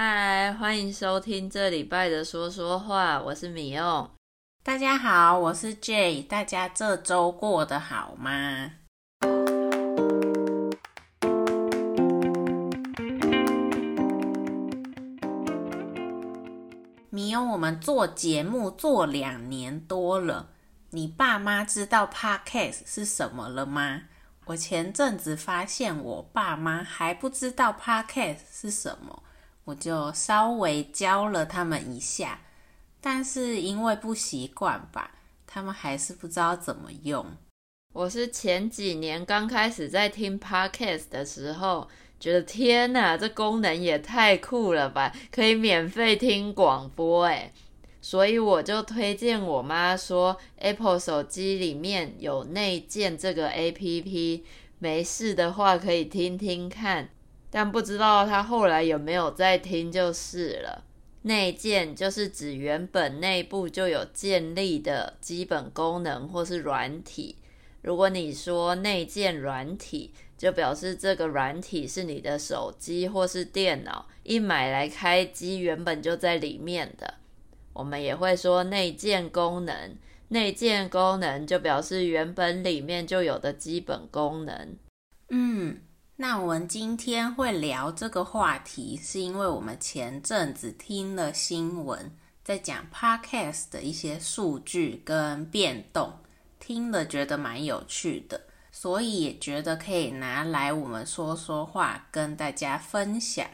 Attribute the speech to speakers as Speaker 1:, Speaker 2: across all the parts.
Speaker 1: 嗨，歡迎收聽這禮拜的說說話，我是米 o 大家好，我是 J。a y 大家這周過得好嗎？
Speaker 2: 米歐，我們做節目做兩年多了，你爸媽知道 Podcast 是什麼了嗎？我前陣子發現我爸媽還不知道 Podcast 是什麼。我就稍微教了他們一下，但是因為不習
Speaker 1: 慣吧，他們還是不知道怎麼用。我是前幾年剛開始在聽 Podcast 的時候，覺得天哪，這功能也太酷了吧！可以免費聽廣播，欸，誒。所以我就推薦我媽說，Apple 手機裡面有內建這個 APP，沒事的話可以聽聽看。但不知道他後來有沒有在聽就是了。內建就是指原本內部就有建立的基本功能或是軟體。如果你說內建軟體，就表示這個軟體是你的手機或是電腦，一買來開機原本就在裡面的。我們也會說內建功能，內建功能就表示原本裡面就有的基本功能。
Speaker 2: 嗯。那我們今天會聊這個話題，是因為我們前陣子聽了新聞，在講 Podcast 的一些數據跟變動，聽了覺得蠻有趣的，所以也覺得可以拿來我們說說話，跟大家分享。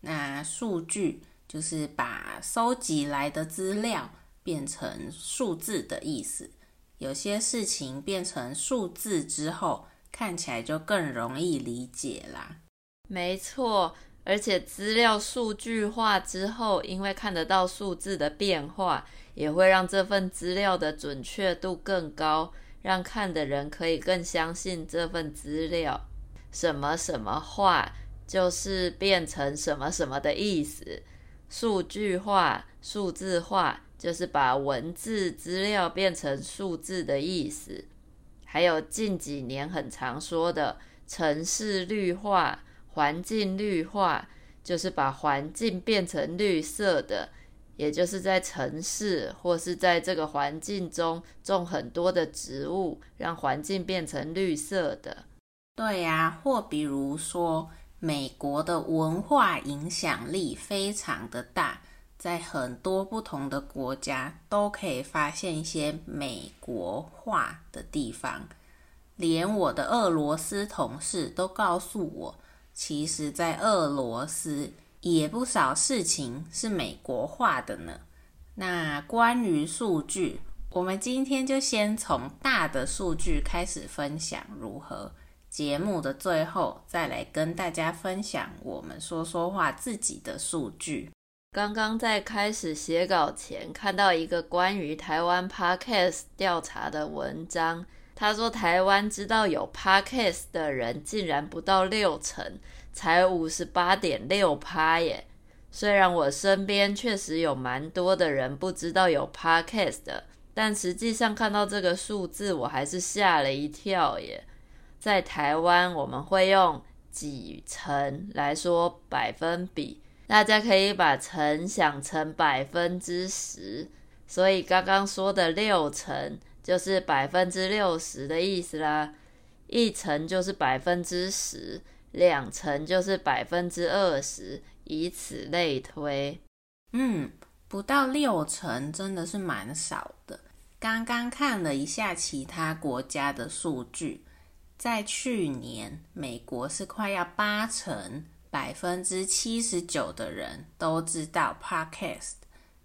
Speaker 2: 那數據就是把收集來的資料變成數字的意思，有些事情變成數字之後。看起來就更容易理解啦，
Speaker 1: 沒錯。而且資料數據化之後，因為看得到數字的變化，也會讓這份資料的準確度更高，讓看的人可以更相信這份資料。什麼什麼化，就是變成什麼什麼的意思。數據化、數字化，就是把文字資料變成數字的意思。還有近幾年很常說的城市綠化、環境綠化，就是把環境變成綠色的，也就是在城市或是在這個環境中種很多的植物，讓環境變成綠色的。
Speaker 2: 對呀、啊，或比如說，美國的文化影響力非常的大。在很多不同的國家都可以發現一些美國化的地方，連我的俄羅斯同事都告訴我，其實，在俄羅斯也不少事情是美國化的呢。那關於數據，我們今天就先從大的數據開始分享如何。節目的最後再來跟大家分享我們說說話自己的數據。
Speaker 1: 剛剛在開始寫稿前，看到一個關於台灣 podcast 調查的文章。他說，台灣知道有 podcast 的人竟然不到六成，才五十八點六趴耶。雖然我身邊確實有蠻多的人不知道有 podcast 的，但實際上看到這個數字，我還是嚇了一跳耶。在台灣，我們會用幾成來說百分比。大家可以把成想成百分之十，所以剛剛說的六成就是百分之六十的意思啦。一成就是百分之十，兩成就是百分之二十，以此類推。嗯，不到六成真的是蠻少的。
Speaker 2: 剛剛看了一下其他國家的數據，在去年，美國是快要八成。百分之七十九的人都知道 Podcast，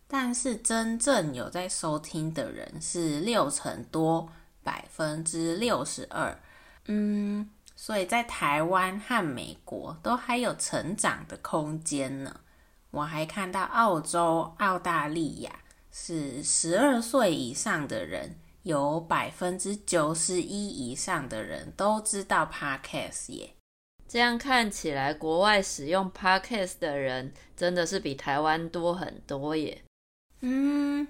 Speaker 2: 但是真正有在收聽的人是六成多，百分之六十二。嗯，所以在台灣和美國都還有成長的空間呢。我還看到澳洲、澳大利亞是十二歲以上的人，有百分之九十一以上的人都知道
Speaker 1: Podcast 耶。這樣看起來，國外使用 Podcast 的人真的是比台灣多很多耶。
Speaker 2: 嗯，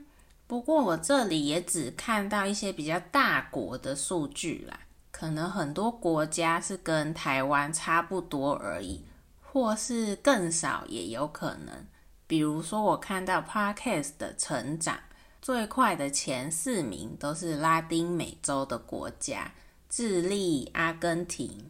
Speaker 1: 不過我這裡
Speaker 2: 也只看到一些比較大國的數據啦，可能很多國家是跟台灣差不多而已，或是更少也有可能。比如說，我看到 Podcast 的成長最快的前四名都是拉丁美洲的國家，智利、阿根廷。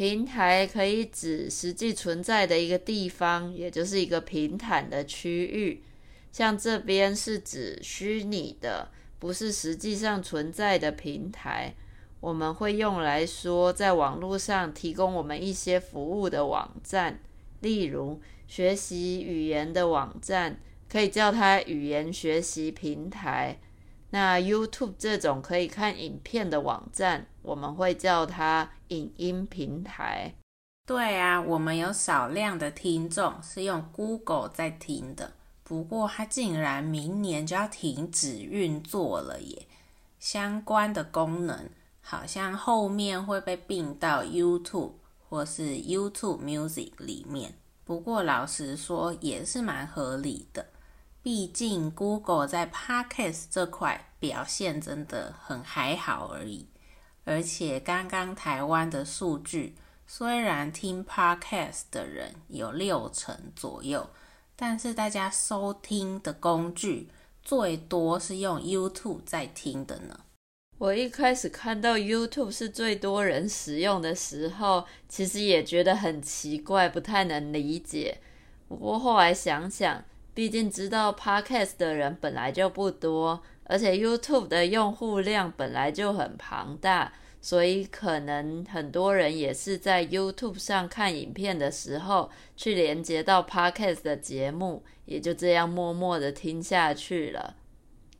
Speaker 1: 平台可以指實際存在的一個地方，也就是一個平坦的區域。像這邊是指虛擬的，不是實際上存在的平台。我們會用來說在網絡上提供我們一些服務的網站，例如學習語言的網站，可以叫它語言學習平台。那 YouTube 這種可以看影片的網站，我們會叫它影音平台，
Speaker 2: 對啊，我
Speaker 1: 們有少量的聽眾是用 Google 在
Speaker 2: 聽的，不過它竟然明年就要停止運作了耶！相關的功能好像後面會被併到 YouTube 或是 YouTube Music 裡面。不過老實說，也是蠻合理的，畢竟 Google 在 Podcast 這塊表現真的很還好而已。而且剛剛台灣的數據，雖然聽 Podcast 的人有六成左右，但是大家收聽的工具最多是用 YouTube 在聽的呢。
Speaker 1: 我一開始看到 YouTube 是最多人使用的時候，其實也覺得很奇怪，不太能理解。不過後來想想，畢竟知道 Podcast 的人本來就不多，而且 YouTube 的用戶量本來就很龐大，所以可能很多人也是在 YouTube 上看影片的時候，去連接到 Podcast 的節目，也就這樣默默的聽下去了。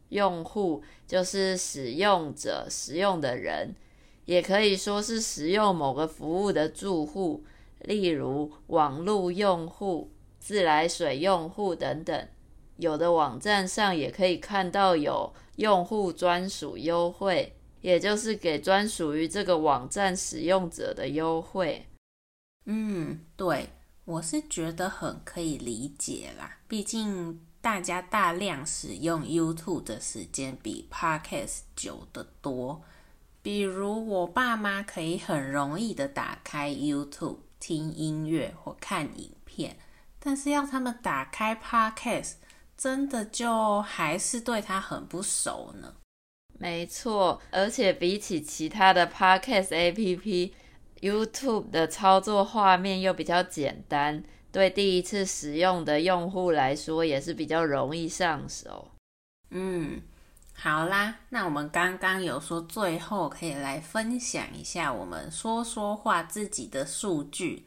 Speaker 1: 用戶就是使用者、使用的人，也可以說是使用某個服務的住戶，例如網絡用戶。自來水用戶等等，有的網站上也可以看到有用戶專屬優惠，也就是給專屬於這個網站使用者的優惠。
Speaker 2: 嗯，
Speaker 1: 對，我是覺得很可以理解啦。
Speaker 2: 畢竟大家大量使用 YouTube 的時間比 Podcast 久得多。比如我爸媽可以很容易的打開 YouTube 聽音樂或看影片。但是要他們打開
Speaker 1: Podcast，真的就還是對他很不熟呢。沒錯，而且比起其他的 Podcast App，YouTube 的操作畫面又比較簡單，對第一次使用的用戶來說也是比較容易上手。嗯，好啦，
Speaker 2: 那我們剛剛有說，最後可以來分享一下我們說說話自己的數據，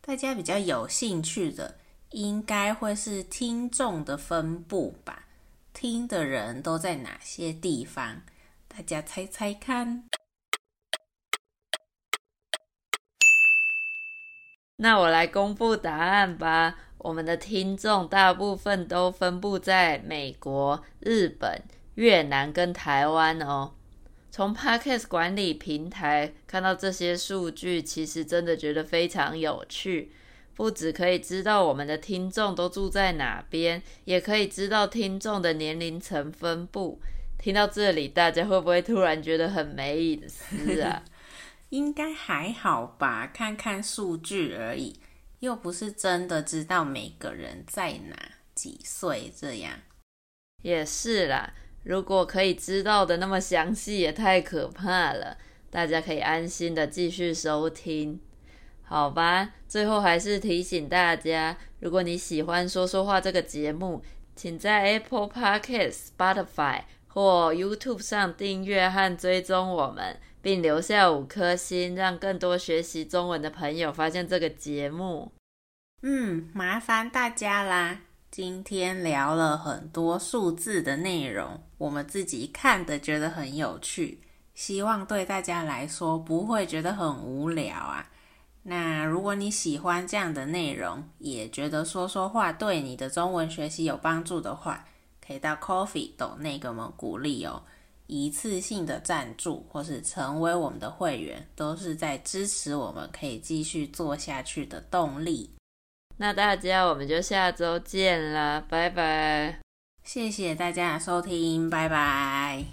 Speaker 2: 大家比較有興趣的。應該會是聽眾的分布吧？聽的人都在哪些地方？
Speaker 1: 大家猜猜看。那我來公布答案吧。我們的聽眾大部分都分布在美國、日本、越南跟台灣哦。從 Podcast 管理平台，看到這些數據，其實真的覺得非常有趣。不只可以知道我們的聽眾都住在哪邊，也可以知道聽眾的年齡層分布。聽到這裡，大家會不會突然覺得很沒意思啊？
Speaker 2: 應該還好吧，看看數據而已，又不是真的知道每個人在哪幾歲這樣。
Speaker 1: 也是啦，如果可以知道的那麼詳細，也太可怕了。大家可以安心的繼續收聽。好吧，最後還是提醒大家，如果你喜歡說說話這個節目，請在 Apple Podcast、Spotify 或 YouTube 上訂閱和追蹤我們，並留下五顆星，讓更多學習中文的朋友發現這個節目。
Speaker 2: 嗯，麻煩大家啦！今天聊了很多數字的內容，我們自己看的，覺得很有趣，希望對大家來說不會覺得很無聊啊。那如果你喜歡這樣的內容，也覺得說說話對你的中文學習有幫助的話，可以到 Ko-fi 斗內給我們鼓勵哦。一次性的贊助或是成為我們的會員，都是在支持我們可以繼續做下去的動力。
Speaker 1: 那大家，我們就下周見啦，拜拜！謝謝大家的收聽，拜拜。